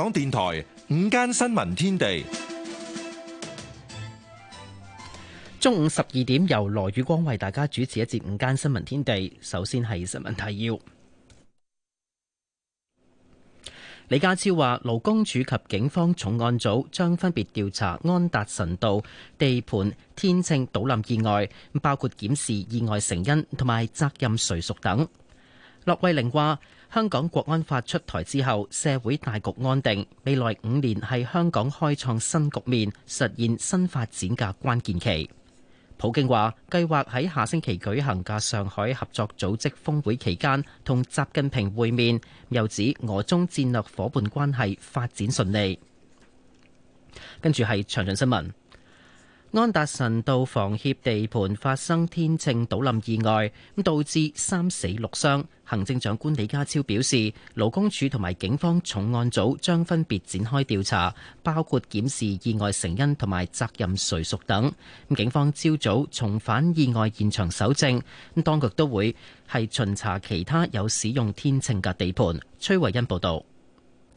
港電台午間新聞天地，中午十二點由羅宇光為大家主持一節午間新聞天地。首先係新聞提要。李家超話，勞工處及警方重案組將分別調查安達臣道地盤天秤倒冧意外，包括檢視意外成因同埋責任誰屬等。駱惠寧話。香港國安法出台之後，社會大局安定，未來五年係香港開創新局面、實現新發展嘅關鍵期。普京話計劃喺下星期舉行嘅上海合作組織峰會期間同習近平會面，又指俄中戰略夥伴關係發展順利。跟住係詳盡新聞。安達臣道房協地盤發生天秤倒冧意外，咁導致三死六傷。行政長官李家超表示，勞工處同埋警方重案組將分別展開調查，包括檢視意外成因同埋責任誰屬等。咁警方朝早重返意外現場搜證，咁當局都會係巡查其他有使用天秤嘅地盤。崔慧恩報導。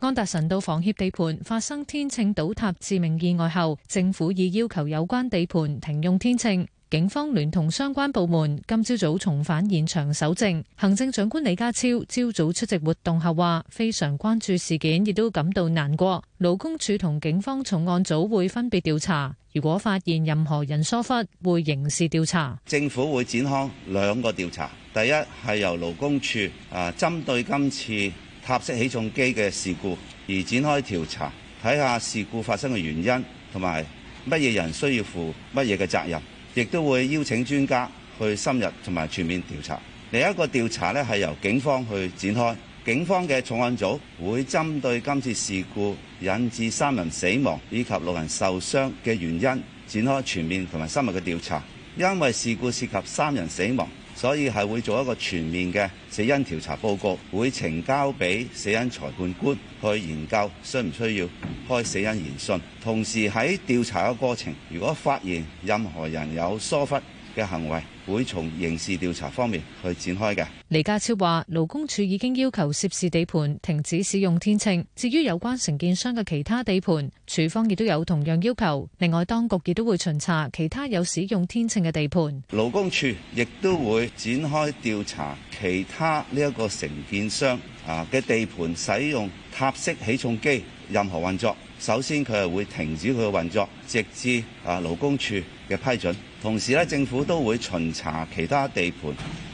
安達臣道房協地盤發生天秤倒塌致命意外後，政府已要求有關地盤停用天秤。警方聯同相關部門今朝早重返現場搜證。行政長官李家超朝早出席活動後話：非常關注事件，亦都感到難過。勞工處同警方重案組會分別調查，如果發現任何人疏忽，會刑事調查。政府會展開兩個調查，第一係由勞工處啊針對今次。塔式起重機嘅事故而展開調查，睇下事故發生嘅原因同埋乜嘢人需要負乜嘢嘅責任，亦都會邀請專家去深入同埋全面調查。另一個調查咧係由警方去展開，警方嘅重案組會針對今次事故引致三人死亡以及六人受傷嘅原因展開全面同埋深入嘅調查。因為事故涉及三人死亡，所以係會做一個全面嘅死因調查報告，會呈交俾死因裁判官去研究，需唔需要開死因研訊。同時喺調查嘅過程，如果發現任何人有疏忽嘅行為會從刑事調查方面去展開嘅。李家超話勞工處已經要求涉事地盤停止使用天秤。至於有關承建商嘅其他地盤，處方亦都有同樣要求。另外，當局亦都會巡查其他有使用天秤嘅地盤。勞工處亦都會展開調查其他呢一個承建商啊嘅地盤使用塔式起重機。任何運作，首先佢係會停止佢嘅運作，直至啊勞工處嘅批准。同時咧，政府都會巡查其他地盤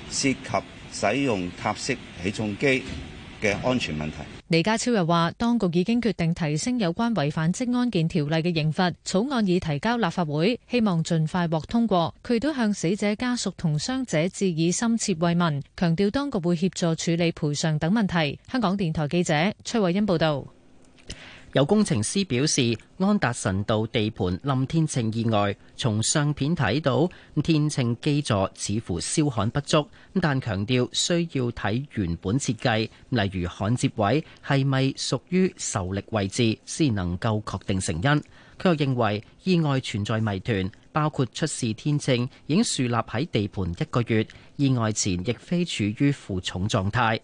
涉及使用塔式起重機嘅安全問題。李家超又話，當局已經決定提升有關違反職安健條例嘅刑罰，草案已提交立法會，希望盡快獲通過。佢都向死者家屬同傷者致以深切慰問，強調當局會協助處理賠償等問題。香港電台記者崔偉恩報道。有工程師表示，安達臣道地盤冧天秤意外，從相片睇到天秤基座似乎燒焊不足，但強調需要睇原本設計，例如焊接位係咪屬於受力位置，先能夠確定成因。佢又認為意外存在謎團，包括出事天秤已經樹立喺地盤一個月，意外前亦非處於負重狀態。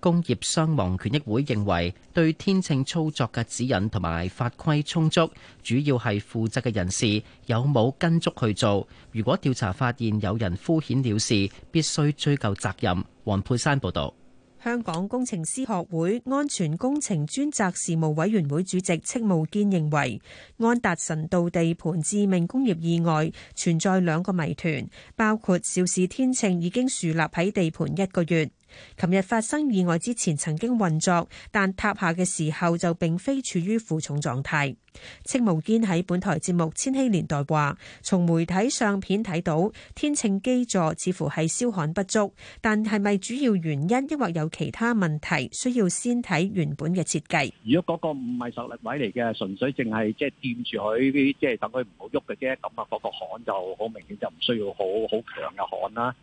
工業傷亡權益會認為，對天秤操作嘅指引同埋法規充足，主要係負責嘅人士有冇跟足去做。如果調查發現有人敷衍了事，必須追究責任。黃佩珊報導。香港工程師學會安全工程專責事務委員會主席戚慕堅認為，安達臣道地盤致命工業意外存在兩個謎團，包括肇事天秤已經樹立喺地盤一個月。琴日發生意外之前曾經運作，但塌下嘅時候就並非處於負重狀態。戚無堅喺本台節目《千禧年代》話：從媒體相片睇到天秤基座似乎係燒焊不足，但係咪主要原因，抑或有其他問題，需要先睇原本嘅設計。如果嗰個唔係受力位嚟嘅，純粹淨係即係掂住佢，即係等佢唔好喐嘅啫。咁啊，嗰個焊就好明顯就唔需要好好強嘅焊啦。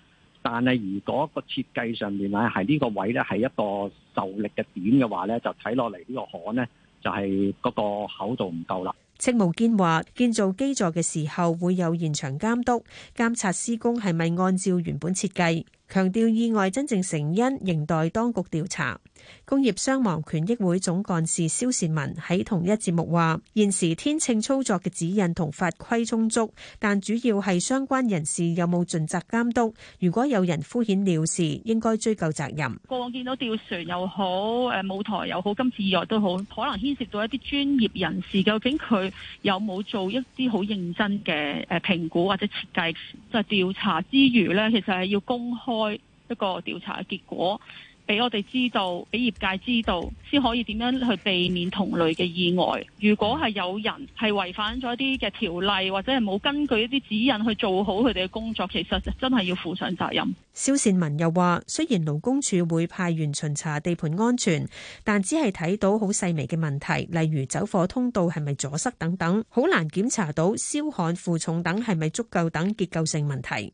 但係，如果個設計上面咧係呢個位咧係一個受力嘅點嘅話咧，就睇落嚟呢個殼呢就係、是、嗰個厚度唔夠啦。戚務堅話：建造基座嘅時候會有現場監督監察施工係咪按照原本設計，強調意外真正成因仍待當局調查。工業傷亡權益會總幹事蕭善文喺同一節目話：現時天秤操作嘅指引同法規充足，但主要係相關人士有冇盡責監督。如果有人敷衍了事，應該追究責任。過往見到吊船又好，誒舞台又好，今次以外都好，可能牽涉到一啲專業人士。究竟佢有冇做一啲好認真嘅誒評估或者設計？就調查之餘呢？其實係要公開一個調查嘅結果。俾我哋知道，俾業界知道，先可以點樣去避免同類嘅意外。如果係有人係違反咗一啲嘅條例，或者係冇根據一啲指引去做好佢哋嘅工作，其實真係要負上責任。蕭善文又話，雖然勞工處會派員巡查地盤安全，但只係睇到好細微嘅問題，例如走火通道係咪阻塞等等，好難檢查到燒焊、負重等係咪足夠等結構性問題。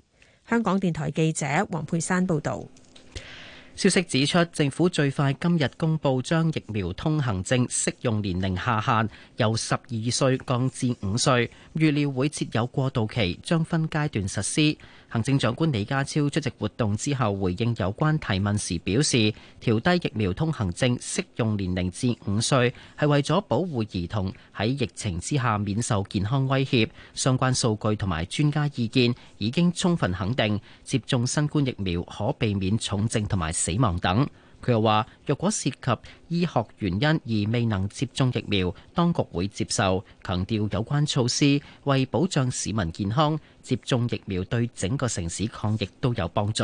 香港電台記者黃佩珊報導。消息指出，政府最快今日公布將疫苗通行證適用年齡下限由十二歲降至五歲，預料會設有過渡期，將分階段實施。行政長官李家超出席活動之後，回應有關提問時表示，調低疫苗通行證適用年齡至五歲，係為咗保護兒童喺疫情之下免受健康威脅。相關數據同埋專家意見已經充分肯定，接種新冠疫苗可避免重症同埋死亡等。佢又話：若果涉及醫學原因而未能接種疫苗，當局會接受。強調有關措施為保障市民健康，接種疫苗對整個城市抗疫都有幫助。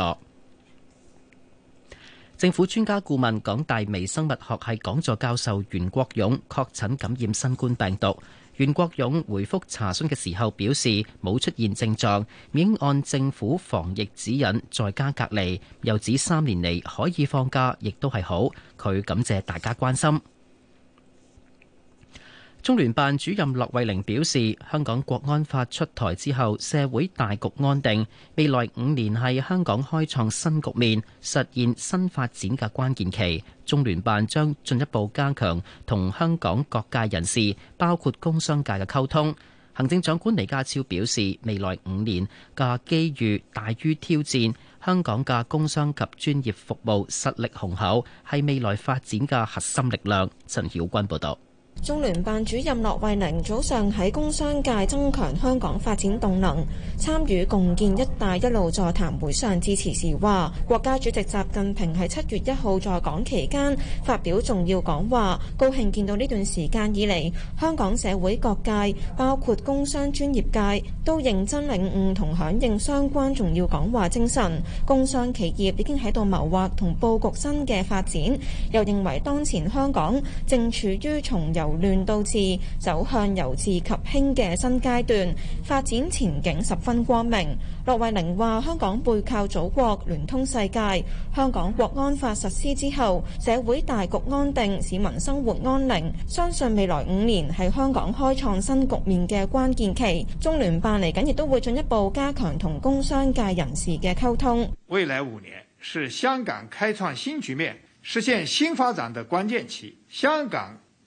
政府專家顧問、港大微生物學系講座教授袁國勇確診感染新冠病毒。袁國勇回覆查詢嘅時候表示，冇出現症狀，已按政府防疫指引在家隔離。又指三年嚟，可以放假，亦都係好，佢感謝大家關心。中聯辦主任駱惠寧表示，香港國安法出台之後，社會大局安定，未來五年係香港開創新局面、實現新發展嘅關鍵期。中聯辦將進一步加強同香港各界人士，包括工商界嘅溝通。行政長官李家超表示，未來五年嘅機遇大於挑戰，香港嘅工商及專業服務實力雄厚，係未來發展嘅核心力量。陳曉君報導。中聯辦主任駱惠寧早上喺工商界增強香港發展動能參與共建「一帶一路」座談會上致辭時話：國家主席習近平喺七月一號在港期間發表重要講話，高興見到呢段時間以嚟香港社會各界，包括工商專業界，都認真領悟同響應相關重要講話精神。工商企業已經喺度謀劃同佈局新嘅發展，又認為當前香港正處於從由亂到治，走向由治及興嘅新階段，發展前景十分光明。駱惠寧話：香港背靠祖國，聯通世界。香港國安法實施之後，社會大局安定，市民生活安寧。相信未來五年係香港開創新局面嘅關鍵期。中聯辦嚟緊亦都會進一步加強同工商界人士嘅溝通。未來五年是香港開創新局面、實現新發展的關鍵期。香港。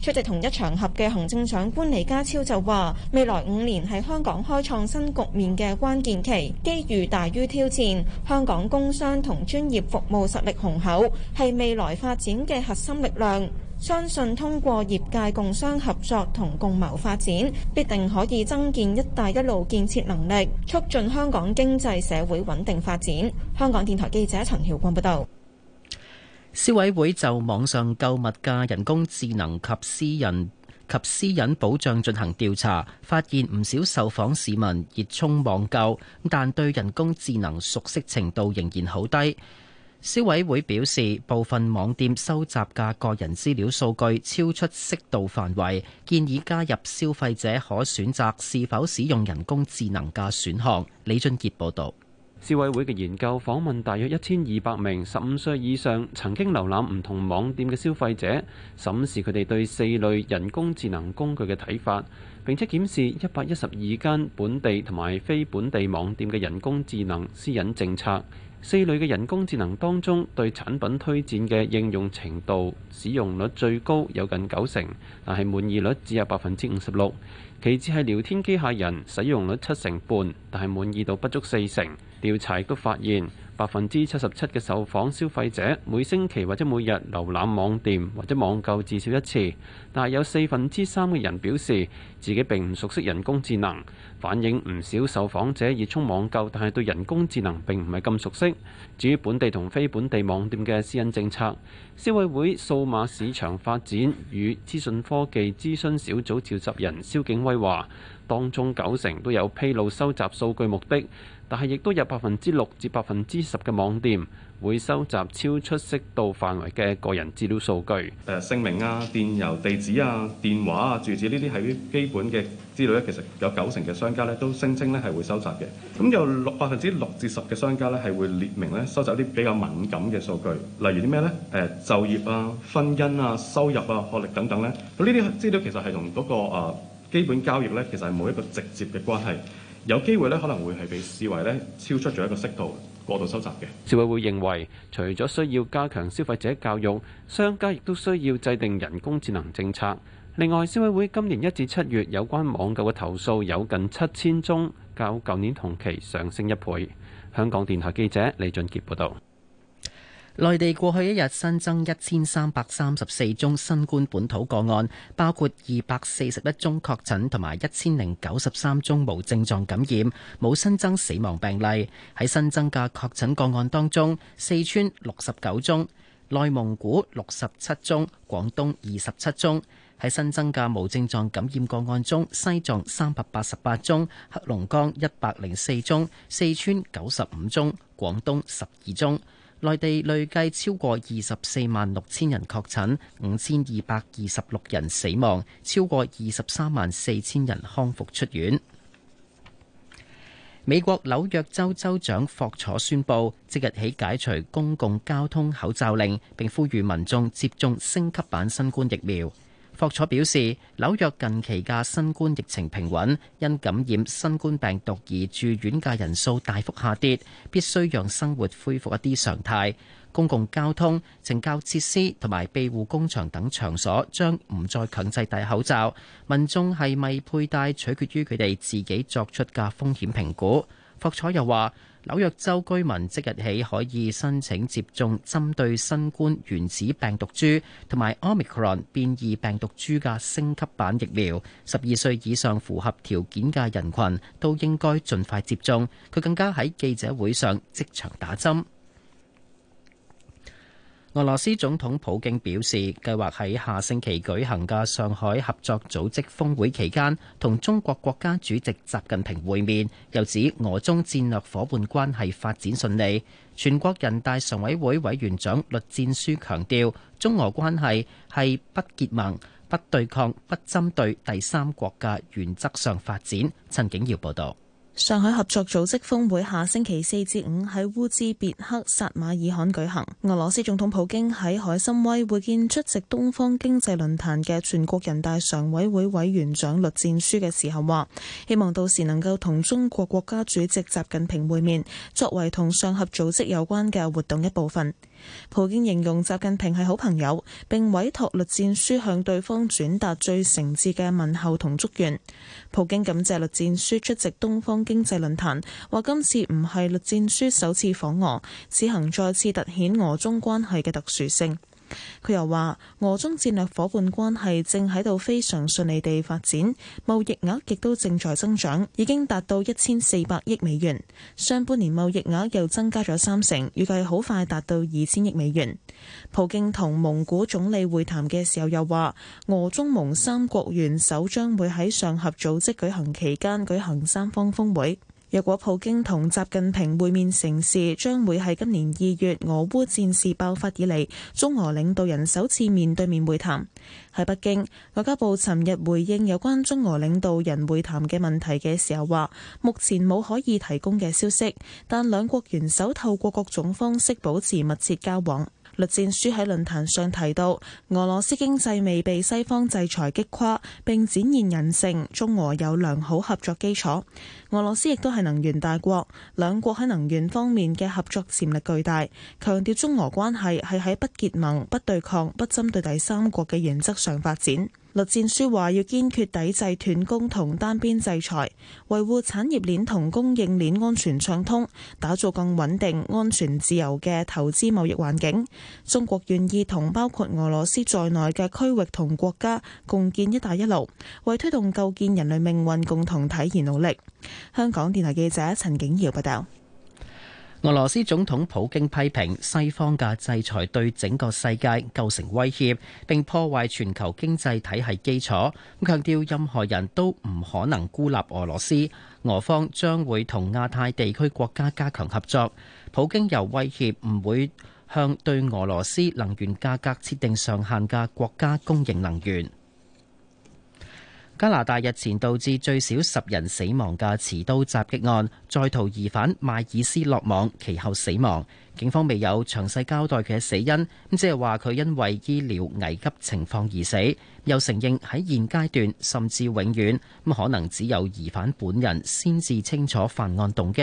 出席同一場合嘅行政長官李家超就話：未來五年係香港開創新局面嘅關鍵期，機遇大於挑戰。香港工商同專業服務實力雄厚，係未來發展嘅核心力量。相信通過業界共商合作同共謀發展，必定可以增建「一帶一路」建設能力，促進香港經濟社會穩定發展。香港電台記者陳曉光報道。消委會就網上購物嘅人工智能及私人及私隱保障進行調查，發現唔少受訪市民熱衷網購，但對人工智能熟悉程度仍然好低。消委會表示，部分網店收集嘅個人資料數據超出適度範圍，建議加入消費者可選擇是否使用人工智能嘅選項。李俊杰報道。消委會嘅研究訪問大約一千二百名十五歲以上曾經瀏覽唔同網店嘅消費者，審視佢哋對四類人工智能工具嘅睇法，並且檢視一百一十二間本地同埋非本地網店嘅人工智能私隱政策。四類嘅人工智能當中，對產品推薦嘅應用程度使用率最高，有近九成，但係滿意率只有百分之五十六。其次係聊天機械人，使用率七成半，但係滿意度不足四成。調查亦都發現，百分之七十七嘅受訪消費者每星期或者每日瀏覽網店或者網購至少一次，但係有四分之三嘅人表示自己並唔熟悉人工智能。反映唔少受訪者熱衷網購，但係對人工智能並唔係咁熟悉。至於本地同非本地網店嘅私隱政策，消委會數碼市場發展與資訊科技諮詢小組召集人蕭景威話，當中九成都有披露收集數據目的。但係亦都有百分之六至百分之十嘅網店會收集超出適度範圍嘅個人資料數據，誒姓名啊、電郵地址啊、電話啊、住址呢啲係基本嘅資料咧，其實有九成嘅商家咧都聲稱咧係會收集嘅。咁有六百分之六至十嘅商家咧係會列明咧收集啲比較敏感嘅數據，例如啲咩咧？誒、呃、就業啊、婚姻啊、收入啊、學歷等等咧。咁呢啲資料其實係同嗰個、呃、基本交易咧，其實係冇一個直接嘅關係。有機會咧，可能會係被視為咧超出咗一個適度過度收集嘅。消委會認為，除咗需要加強消費者教育，商家亦都需要制定人工智能政策。另外，消委會今年一至七月有關網購嘅投訴有近七千宗，較舊年同期上升一倍。香港電台記者李俊傑報道。內地過去一日新增一千三百三十四宗新冠本土個案，包括二百四十一宗確診同埋一千零九十三宗無症狀感染，冇新增死亡病例。喺新增嘅確診個案當中，四川六十九宗，內蒙古六十七宗，廣東二十七宗。喺新增嘅無症狀感染個案中，西藏三百八十八宗，黑龍江一百零四宗，四川九十五宗，廣東十二宗。內地累計超過二十四萬六千人確診，五千二百二十六人死亡，超過二十三萬四千人康復出院。美國紐約州州長霍楚宣布即日起解除公共交通口罩令，並呼籲民眾接種升級版新冠疫苗。霍楚表示，紐約近期嘅新冠疫情平穩，因感染新冠病毒而住院嘅人數大幅下跌，必須讓生活恢復一啲常態，公共交通、懲教設施同埋庇護工場等場所將唔再強制戴口罩，民眾係咪佩戴取決於佢哋自己作出嘅風險評估。霍楚又話。紐約州居民即日起可以申請接種針對新冠原始病毒株同埋 Omicron 變異病毒株嘅升級版疫苗。十二歲以上符合條件嘅人群都應該盡快接種。佢更加喺記者會上即場打針。俄羅斯總統普京表示，計劃喺下星期舉行嘅上海合作組織峰會期間，同中國國家主席習近平會面，又指俄中戰略伙伴關係發展順利。全國人大常委會委員長栗戰書強調，中俄關係係不結盟、不對抗、不針對第三國嘅原則上發展。陳景堯報道。上海合作組織峰會下星期四至五喺烏茲別克薩馬爾罕舉行。俄羅斯總統普京喺海參崴會見出席東方經濟論壇嘅全國人大常委會委員長栗戰書嘅時候話，希望到時能夠同中國國家主席習近平會面，作為同上合組織有關嘅活動一部分。普京形容習近平係好朋友，並委託栗戰書向對方轉達最誠摯嘅問候同祝願。普京感謝栗戰書出席東方經濟論壇，話今次唔係栗戰書首次訪俄，此行再次突顯俄中關係嘅特殊性。佢又話俄中戰略伙伴關係正喺度非常順利地發展，貿易額亦都正在增長，已經達到一千四百億美元。上半年貿易額又增加咗三成，預計好快達到二千億美元。普京同蒙古總理會談嘅時候又話，俄中蒙三國元首將會喺上合組織舉行期間舉行三方峰會。若果普京同習近平會面成事，將會係今年二月俄烏戰事爆發以嚟中俄領導人首次面對面會談。喺北京，外交部尋日回應有關中俄領導人會談嘅問題嘅時候話，目前冇可以提供嘅消息，但兩國元首透過各種方式保持密切交往。栗戰書喺論壇上提到，俄羅斯經濟未被西方制裁擊垮，並展現韌性。中俄有良好合作基礎，俄羅斯亦都係能源大國，兩國喺能源方面嘅合作潛力巨大。強調中俄關係係喺不結盟、不對抗、不針對第三國嘅原則上發展。栗戰書話：要堅決抵制斷供同單邊制裁，維護產業鏈同供應鏈安全暢通，打造更穩定、安全、自由嘅投資貿易環境。中國願意同包括俄羅斯在內嘅區域同國家共建「一帶一路」，為推動構建人類命運共同體而努力。香港電台記者陳景堯報道。俄羅斯總統普京批評西方嘅制裁對整個世界構成威脅，並破壞全球經濟體系基礎。咁強調任何人都唔可能孤立俄羅斯，俄方將會同亞太地區國家加強合作。普京又威脅唔會向對俄羅斯能源價格設定上限嘅國家供應能源。加拿大日前導致最少十人死亡嘅持刀襲擊案，在逃疑犯邁爾斯落網，其後死亡。警方未有詳細交代佢嘅死因，咁即係話佢因為醫療危急情況而死。又承認喺現階段甚至永遠咁可能只有疑犯本人先至清楚犯案動機。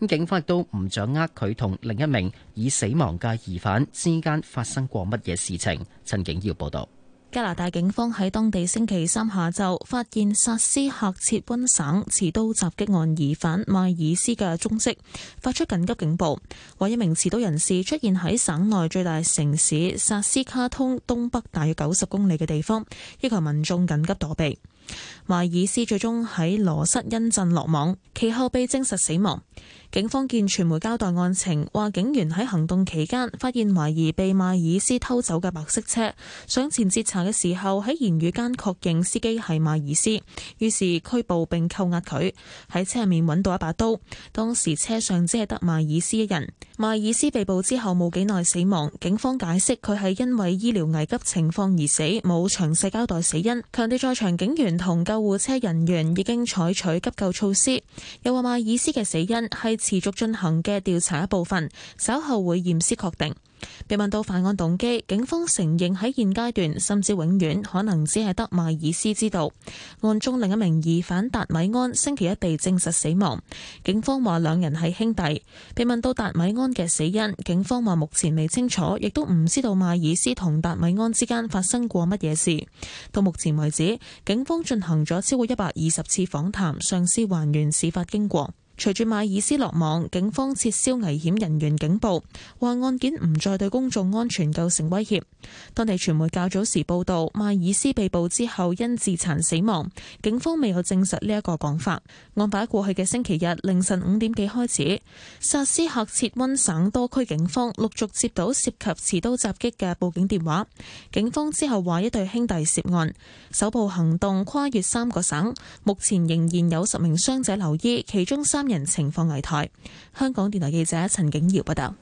咁警方亦都唔掌握佢同另一名已死亡嘅疑犯之間發生過乜嘢事情。陳景耀報導。加拿大警方喺當地星期三下晝發現薩斯喀徹溫省持刀襲擊案疑犯邁爾斯嘅蹤跡，發出緊急警報，話一名持刀人士出現喺省內最大城市薩斯卡通東北大約九十公里嘅地方，要求民眾緊急，急躲避。邁爾斯最終喺羅室恩鎮落網，其後被證實死亡。警方見傳媒交代案情，話警員喺行動期間發現懷疑被麥爾斯偷走嘅白色車，上前截查嘅時候喺言語間確認司機係麥爾斯，於是拘捕並扣押佢。喺車入面揾到一把刀，當時車上只係得麥爾斯一人。麥爾斯被捕之後冇幾耐死亡，警方解釋佢係因為醫療危急情況而死，冇詳細交代死因，強調在場警員同救護車人員已經採取急救措施，又話麥爾斯嘅死因係持續進行嘅調查一部分，稍後會驗屍確定。被問到犯案動機，警方承認喺現階段甚至永遠可能只係得邁爾斯知道。案中另一名疑犯達米安星期一被證實死亡，警方話兩人係兄弟。被問到達米安嘅死因，警方話目前未清楚，亦都唔知道邁爾斯同達米安之間發生過乜嘢事。到目前為止，警方進行咗超過一百二十次訪談，嘗試還原事發經過。隨住邁爾斯落網，警方撤銷危險人員警報，話案件唔再對公眾安全構成威脅。當地傳媒較早時報道邁爾斯被捕之後因自殘死亡，警方未有證實呢一個講法。案發過去嘅星期日凌晨五點幾開始，薩斯喀徹溫省多區警方陸續接到涉及持刀襲擊嘅報警電話，警方之後話一對兄弟涉案，首部行動跨越三個省，目前仍然有十名傷者留醫，其中三人情況危殆。香港電台記者陳景瑤報道。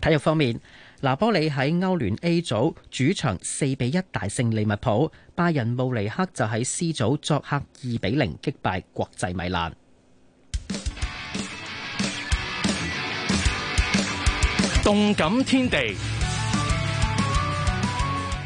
體育方面，拿波里喺歐聯 A 組主場四比一大勝利物浦，拜仁慕尼黑就喺 C 組作客二比零擊敗國際米蘭。動感天地。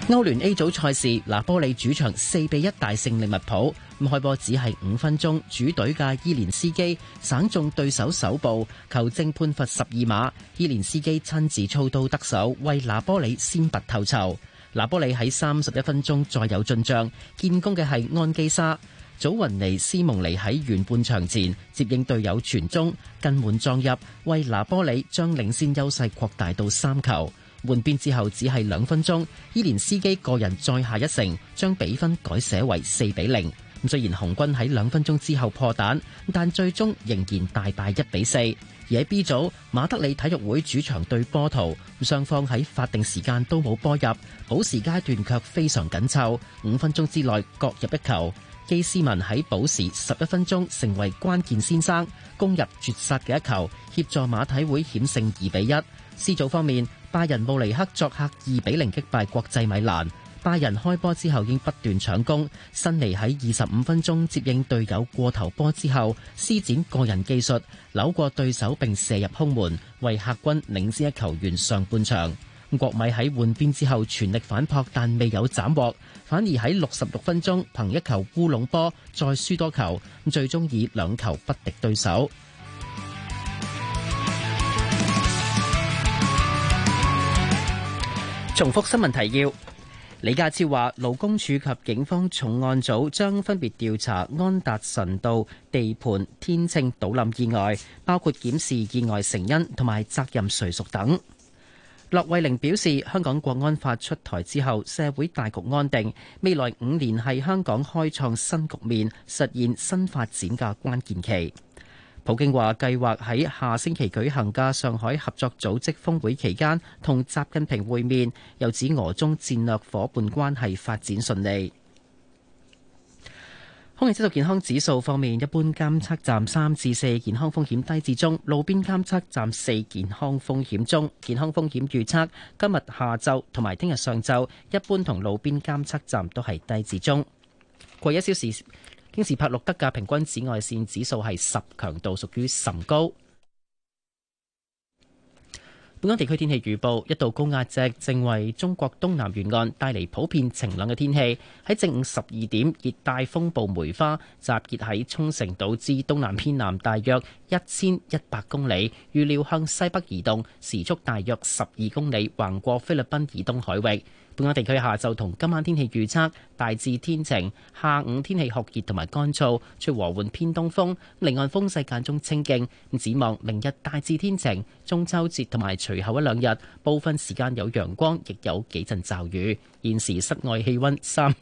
歐聯 A 組賽事，拿波里主場四比一大勝利物浦。咁開波只係五分鐘，主隊嘅伊連斯基省中對手手部，球證判罰十二碼，伊連斯基親自操刀得手，為拿波里先拔頭籌。拿波里喺三十一分鐘再有進賬，建功嘅係安基沙。祖雲尼斯蒙尼喺完半場前接應隊友傳中，近門撞入，為拿波里將領先優勢擴大到三球。換邊之後只係兩分鐘，伊連斯基個人再下一城，將比分改寫為四比零。咁雖然紅軍喺兩分鐘之後破蛋，但最終仍然大敗一比四。而喺 B 組，馬德里體育會主場對波圖，雙方喺法定時間都冇波入，補時階段卻非常緊湊，五分鐘之內各入一球。基斯文喺補時十一分鐘成為關鍵先生，攻入絕殺嘅一球，協助馬體會險勝二比一。C 組方面，拜仁慕尼黑作客二比零擊敗國際米蘭。拜仁開波之後，已經不斷搶攻。新尼喺二十五分鐘接應隊友過頭波之後，施展個人技術，扭過對手並射入空門，為客軍領先一球完上半場。咁國米喺換邊之後全力反撲，但未有斬獲，反而喺六十六分鐘憑一球烏龍波再輸多球，最終以兩球不敵對手。重複新聞提要。李家超話，勞工處及警方重案組將分別調查安達臣道地盤天秤倒冧意外，包括檢視意外成因同埋責任誰屬等。駱惠寧表示，香港國安法出台之後，社會大局安定，未來五年係香港開創新局面、實現新發展嘅關鍵期。普京話計劃喺下星期舉行嘅上海合作組織峰會期間同習近平會面，又指俄中戰略伙伴關係發展順利。空氣質素健康指數方面，一般監測站三至四健康風險低至中，路邊監測站四健康風險中，健康風險預測今日下晝同埋聽日上晝一般同路邊監測站都係低至中。過一小時。今日柏露德嘅平均紫外線指數係十，強度屬於甚高。本港地區天氣預報：一道高壓脊正為中國東南沿岸帶嚟普遍晴朗嘅天氣。喺正午十二點，熱帶風暴梅花集結喺沖繩島之東南偏南大約一千一百公里，預料向西北移動，時速大約十二公里，橫過菲律賓以東海域。本港地區下晝同今晚天氣預測，大致天晴，下午天氣酷熱同埋乾燥，吹和緩偏東風。離岸風勢間中清勁。展望明日大致天晴，中秋節同埋隨後一兩日部分時間有陽光，亦有幾陣驟雨。現時室外氣溫三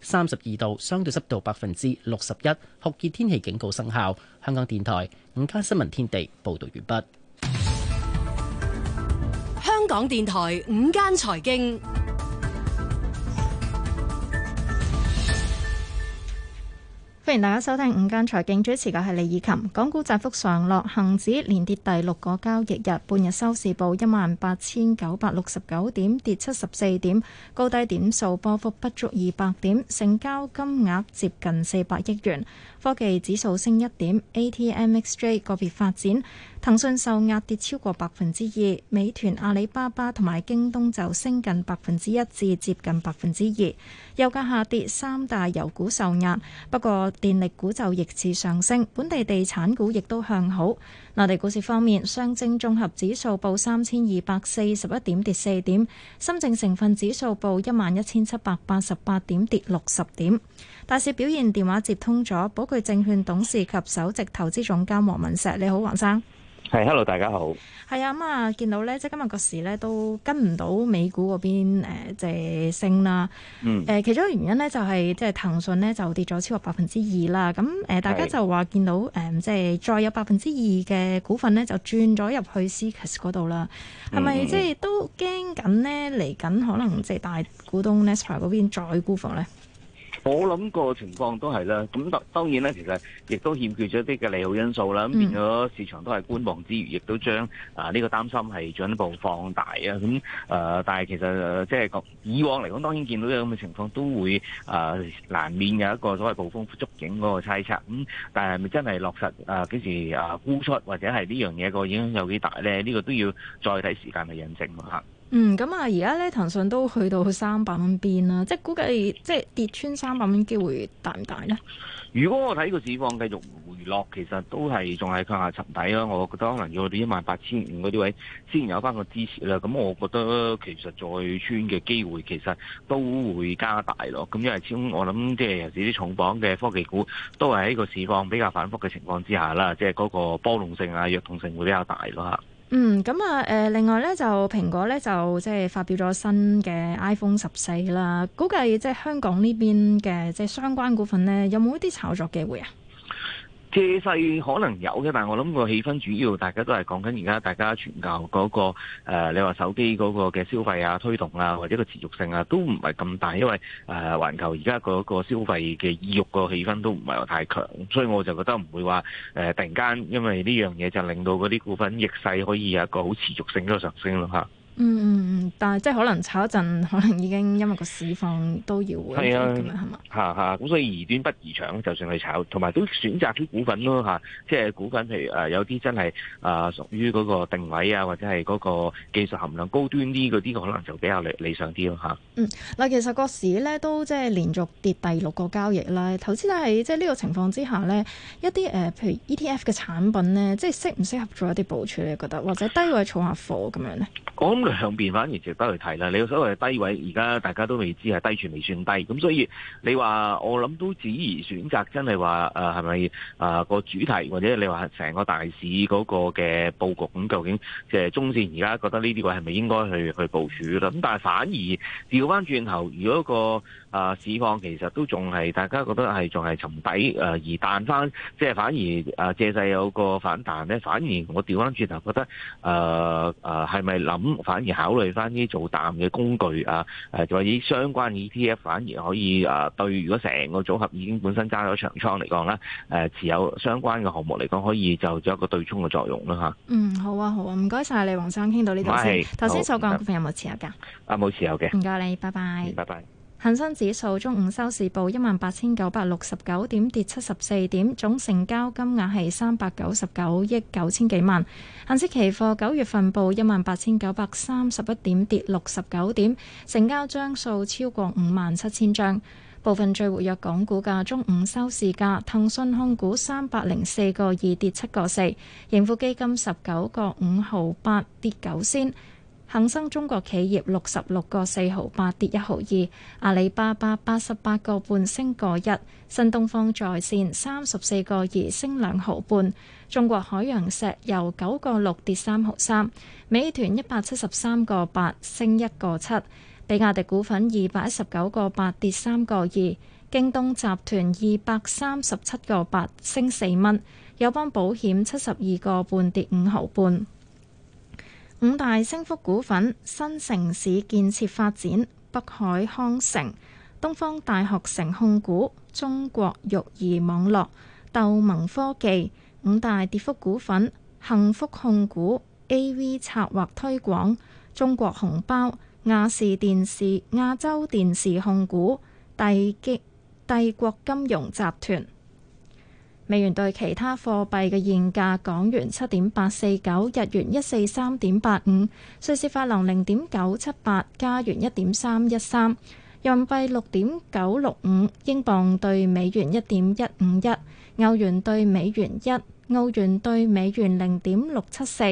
三十二度，相對濕度百分之六十一，酷熱天氣警告生效。香港電台午間新聞天地報道完畢。香港電台午間財經，歡迎大家收聽午間財經主持嘅係李以琴。港股窄幅上落，恒指連跌第六個交易日，半日收市報一萬八千九百六十九點，跌七十四點，高低點數波幅不足二百點，成交金額接近四百億元。科技指數升一點，ATMXJ 個別發展。騰訊受壓跌超過百分之二，美團、阿里巴巴同埋京東就升近百分之一至接近百分之二。油價下跌，三大油股受壓，不過電力股就逆市上升。本地地產股亦都向好。內地股市方面，上證綜合指數報三千二百四十一點，跌四點；深證成分指數報一萬一千七百八十八點，跌六十點。大市表現，電話接通咗，寶鉅證券董事及首席投資總監黃文石，你好，黃生。係，hello，大家好。係啊，咁啊，見到咧，即係今日個市咧都跟唔到美股嗰邊誒，即係升啦。嗯。誒，其中一個原因咧，就係即係騰訊咧就跌咗超過百分之二啦。咁誒，大家就話見到誒，即係再有百分之二嘅股份咧，就轉咗入去 CCASS 嗰度啦。係咪即係都驚緊咧？嚟緊可能即係大股東 Naspers 嗰邊再沽貨咧？我諗個情況都係啦，咁當然咧，其實亦都欠缺咗一啲嘅利好因素啦，變咗市場都係觀望之餘，亦都將啊呢個擔心係進一步放大啊。咁誒，但係其實即係個以往嚟講，當然見到啲咁嘅情況，都會誒難免有一個所謂暴風觸警嗰個猜測。咁但係咪真係落實誒幾時誒沽出，或者係呢樣嘢個影響有幾大咧？呢、呢個都要再睇時間去印證啦。嗯，咁啊，而家咧騰訊都去到三百蚊邊啦，即係估計即係跌穿三百蚊機會大唔大咧？如果我睇個市況繼續回落，其實都係仲係向下沉底咯。我覺得可能要到一萬八千五嗰啲位先有翻個支持啦。咁我覺得其實再穿嘅機會其實都會加大咯。咁因為始終我諗即係有時啲重磅嘅科技股都係喺個市況比較反復嘅情況之下啦，即係嗰個波動性啊、弱動性會比較大咯吓。嗯，咁啊，誒，另外咧，就蘋果咧就即係發表咗新嘅 iPhone 十四啦，估計即係香港呢邊嘅即係相關股份咧，有冇一啲炒作機會啊？勢可能有嘅，但係我諗個氣氛主要大家都係講緊而家大家全球嗰、那個誒、呃，你話手機嗰個嘅消費啊、推動啊或者個持續性啊，都唔係咁大，因為誒環、呃、球而家嗰個消費嘅意欲個氣氛都唔係話太強，所以我就覺得唔會話誒、呃、突然間因為呢樣嘢就令到嗰啲股份逆勢可以有一個好持續性嘅上升咯吓。嗯，但係即係可能炒一陣，可能已經因為個市況都要喎，咁樣係嘛？係係吧，咁、啊、所以宜短不宜長，就算係炒，同埋都選擇啲股份咯嚇。即係股份，啊、股份譬如誒有啲真係誒、呃、屬於嗰個定位啊，或者係嗰個技術含量高端啲嗰啲，可能就比較理理想啲咯嚇。啊、嗯，嗱，其實個市咧都即係連續跌第六個交易啦。投資咧係即係呢個情況之下咧，一啲誒、呃、譬如 ETF 嘅產品咧，即係適唔適合做一啲部署咧？覺得或者低位儲下貨咁樣咧？兩邊反而值得去睇啦？你個所謂低位，而家大家都未知係低處未算低，咁所以你話我諗都只宜選擇真係話誒係咪誒個主題，或者你話成個大市嗰個嘅佈局，咁究竟即係中線而家覺得呢啲位係咪應該去去部署啦？咁但係反而調翻轉頭，如果個啊，市況其實都仲係，大家覺得係仲係沉底誒、呃，而彈翻即係反而啊，借、呃、勢有個反彈咧。反而我調翻轉頭，覺得誒誒係咪諗反而考慮翻啲做淡嘅工具啊？誒，就以相關 E T F，反而可以誒對、呃，如果成個組合已經本身加咗長倉嚟講咧，誒、呃、持有相關嘅項目嚟講，可以就做一個對沖嘅作用啦。嚇、啊，嗯，好啊，好啊，唔該晒你，黃生傾到呢度先。頭先所講股份有冇持有㗎？啊，冇持有嘅。唔該你，拜拜。拜拜。恒生指數中午收市報一萬八千九百六十九點，跌七十四點，總成交金額係三百九十九億九千幾萬。恒指期貨九月份報一萬八千九百三十一點，跌六十九點，成交張數超過五萬七千張。部分最活躍港股價中午收市價，騰訊控股三百零四個二跌七個四，盈富基金十九個五毫八跌九仙。恒生中國企業六十六個四毫八跌一毫二，阿里巴巴八十八個半升個一，新東方在線三十四個二升兩毫半，中國海洋石油九個六跌三毫三，美團一百七十三個八升一個七，比亞迪股份二百一十九個八跌三個二，京東集團二百三十七個八升四蚊，友邦保險七十二個半跌五毫半。五大升幅股份：新城市建設發展、北海康城、東方大學城控股、中國育兒網絡、豆盟科技。五大跌幅股份：幸福控股、AV 策劃推廣、中國紅包、亞視電視、亞洲電視控股、帝激帝國金融集團。美元兌其他貨幣嘅現價：港元七點八四九，日元一四三點八五，瑞士法郎零點九七八，加元一點三一三，人民幣六點九六五，英鎊對美元一點一五一，歐元對美元一，澳元對美元零點六七四，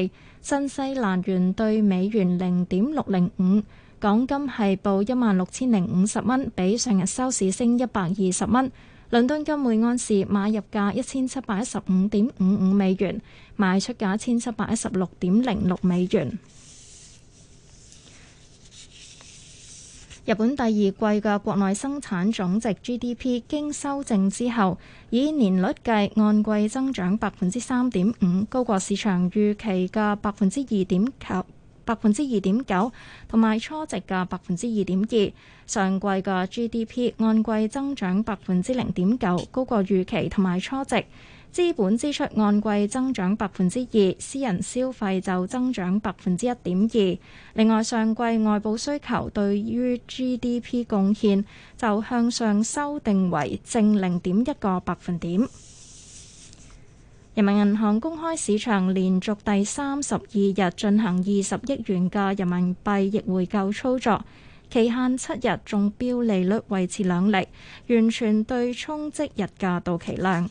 新西蘭元對美元零點六零五。港金係報一萬六千零五十蚊，比上日收市升一百二十蚊。倫敦金每盎司買入價一千七百一十五點五五美元，賣出價一千七百一十六點零六美元。 日本第二季嘅國內生產總值 GDP 經修正之後，以年率計按季增長百分之三點五，高過市場預期嘅百分之二點九。及百分之二點九，同埋初值嘅百分之二點二。上季嘅 GDP 按季增長百分之零點九，高過預期同埋初值。資本支出按季增長百分之二，私人消費就增長百分之一點二。另外，上季外部需求對於 GDP 貢獻就向上修訂為正零點一個百分點。人民銀行公開市場連續第三十二日進行二十億元嘅人民幣逆回購操作，期限七日，中標利率維持兩厘，完全對沖即日嘅到期量。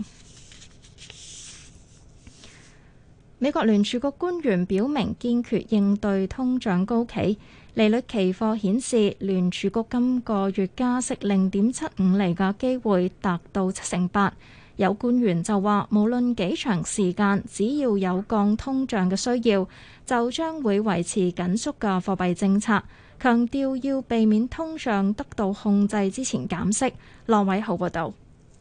美國聯儲局官員表明堅決應對通脹高企，利率期貨顯示聯儲局今個月加息零點七五厘嘅機會達到七成八。有官員就話，無論幾長時間，只要有降通脹嘅需要，就將會維持緊縮嘅貨幣政策，強調要避免通脹得到控制之前減息。羅偉浩報道，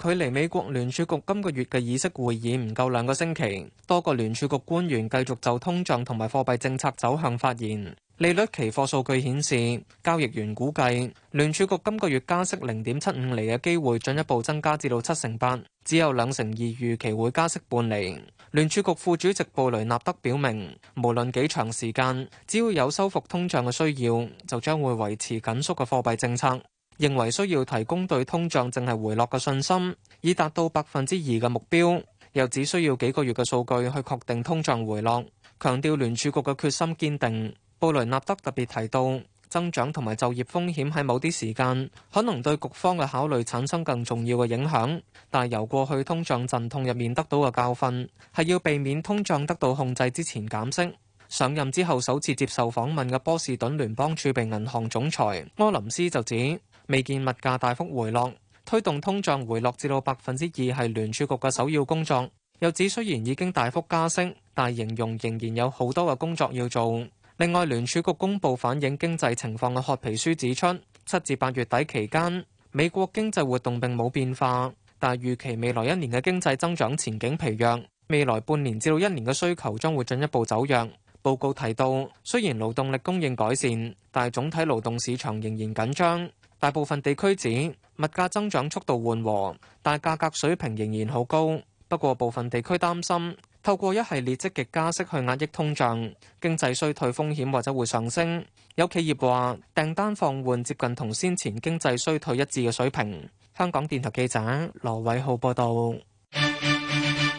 距離美國聯儲局今個月嘅議息會議唔夠兩個星期，多個聯儲局官員繼續就通脹同埋貨幣政策走向發言。利率期貨數據顯示，交易員估計聯儲局今個月加息零點七五厘嘅機會進一步增加至到七成八，只有兩成二預期會加息半厘。聯儲局副主席布雷納德表明，無論幾長時間，只要有收復通脹嘅需要，就將會維持緊縮嘅貨幣政策。認為需要提供對通脹淨係回落嘅信心，以達到百分之二嘅目標，又只需要幾個月嘅數據去確定通脹回落。強調聯儲局嘅決心堅定。布雷納德特別提到，增長同埋就業風險喺某啲時間可能對局方嘅考慮產生更重要嘅影響。但由過去通脹陣痛入面得到嘅教訓，係要避免通脹得到控制之前減息。上任之後首次接受訪問嘅波士頓聯邦儲備銀行總裁柯林斯就指，未見物價大幅回落，推動通脹回落至到百分之二係聯儲局嘅首要工作。又指雖然已經大幅加息，但形容仍然有好多嘅工作要做。另外，聯儲局公布反映經濟情況嘅褐皮書指出，七至八月底期間，美國經濟活動並冇變化，但預期未來一年嘅經濟增長前景疲弱，未來半年至到一年嘅需求將會進一步走弱。報告提到，雖然勞動力供應改善，但係總體勞動市場仍然緊張。大部分地區指物價增長速度緩和，但價格水平仍然好高。不過，部分地區擔心。透過一系列積極加息去壓抑通脹，經濟衰退風險或者會上升。有企業話，訂單放緩接近同先前經濟衰退一致嘅水平。香港電台記者羅偉浩報道報導。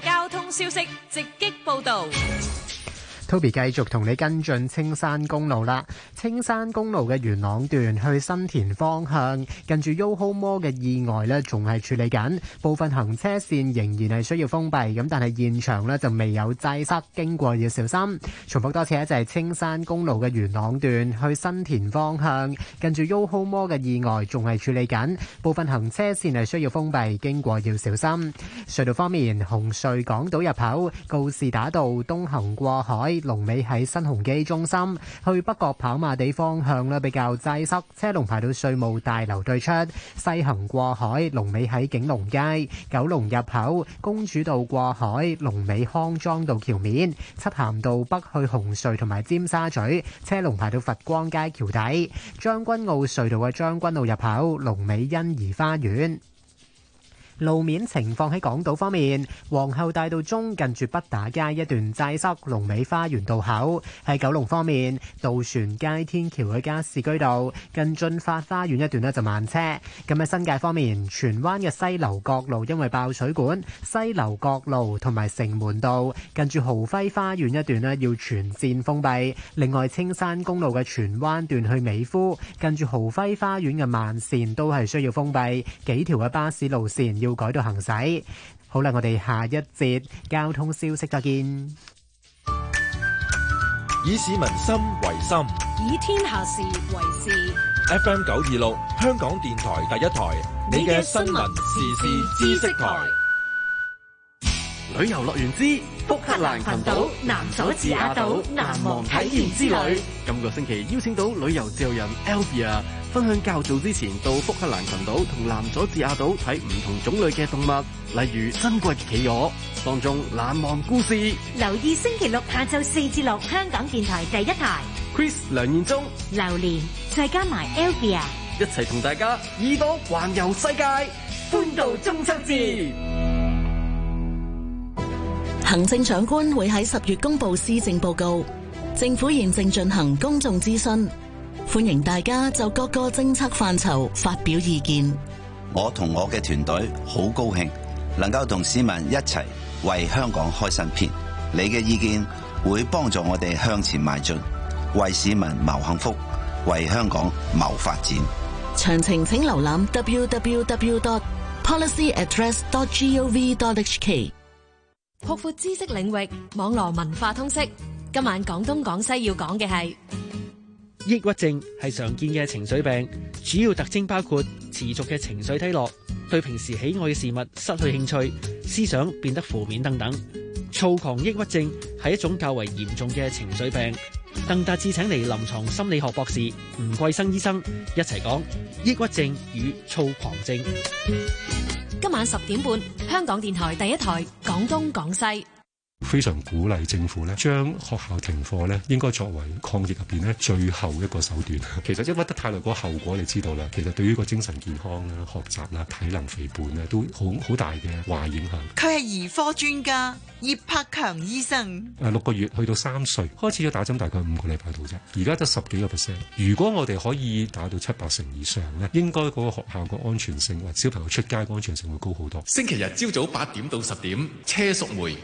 交通消息直擊報導。Toby 繼續同你跟進青山公路啦，青山公路嘅元朗段去新田方向，近住 YOHO Mall 嘅意外咧，仲係處理緊，部分行車綫仍然係需要封閉，咁但係現場咧，就未有擠塞，經過要小心。重複多次，一就係青山公路嘅元朗段去新田方向，近住 YOHO Mall 嘅意外仲係處理緊，部分行車綫係需要封閉，經過要小心。隧道方面，紅隧港島入口告士打道東行過海。龍尾喺新鴻基中心，去北角跑馬地方向咧比較擠塞，車龍排到稅務大樓對出西行過海。龍尾喺景隆街，九龍入口公主道過海龍尾康莊道橋面，漆咸道北去紅隧同埋尖沙咀車龍排到佛光街橋底，將軍澳隧道嘅將軍澳入口龍尾欣怡花園。路面情況，喺港島方面，皇后大道中近住北打街一段擠塞，龍尾花園道口；喺九龍方面，渡船街天橋去加士居道近駿發花園一段呢就慢車。咁喺新界方面，荃灣嘅西樓角路因為爆水管，西樓角路同埋城門道近住豪輝花園一段呢要全綫封閉。另外，青山公路嘅荃灣段去美孚，近住豪輝花園嘅慢綫都係需要封閉，幾條嘅巴士路綫要要改到行駛，好啦，我哋下一節交通消息再見。以市民心為心，以天下事為事。FM 九二六，香港電台第一台，你嘅新聞時事知識台。旅遊樂園之福克蘭群島、南佐治亞島難忘體驗之旅，今個星期邀請到旅遊自由人 Albia。分享較早之前到福克蘭群島同南佐治亞島睇唔同種類嘅動物，例如珍貴嘅企鵝，當中難忘故事。留意星期六下晝四至六，香港電台第一台，Chris 梁燕忠、劉蓮再加埋 Elvia，一齊同大家耳朵環遊世界，歡度中秋節。行政長官會喺十月公布施政報告，政府現正進行公眾諮詢。歡迎大家就各個政策範疇發表意見。我同我嘅團隊好高興，能夠同市民一齊為香港開新篇。你嘅意見會幫助我哋向前邁進，為市民謀幸福，為香港謀發展。詳情請瀏覽 www.dot.policyaddress.dot.gov.dot.hk。擴闊知識領域，網絡文化通識。今晚講東講西要講嘅係。抑鬱症係常見嘅情緒病，主要特徵包括持續嘅情緒低落、對平時喜愛嘅事物失去興趣、思想變得負面等等。躁狂抑鬱症係一種較為嚴重嘅情緒病。鄧達志請嚟臨床心理學博士吳桂生醫生，一齊講抑鬱症與躁狂症。今晚十點半，香港電台第一台，廣東廣西。非常鼓勵政府咧，將學校停課咧，應該作為抗疫入邊咧最後一個手段。 其實一屈得太耐個後果，你知道啦。其實對於個精神健康啦、學習啦、體能肥胖咧，都好好大嘅壞影響。佢係兒科專家葉柏強醫生。誒、啊，六個月去到三歲開始咗打針，大概五個禮拜度啫。而家得十幾個 percent。如果我哋可以打到七八成以上咧，應該嗰個學校個安全性，或小朋友出街嘅安全性會高好多。星期日朝早八點到十點，車淑梅。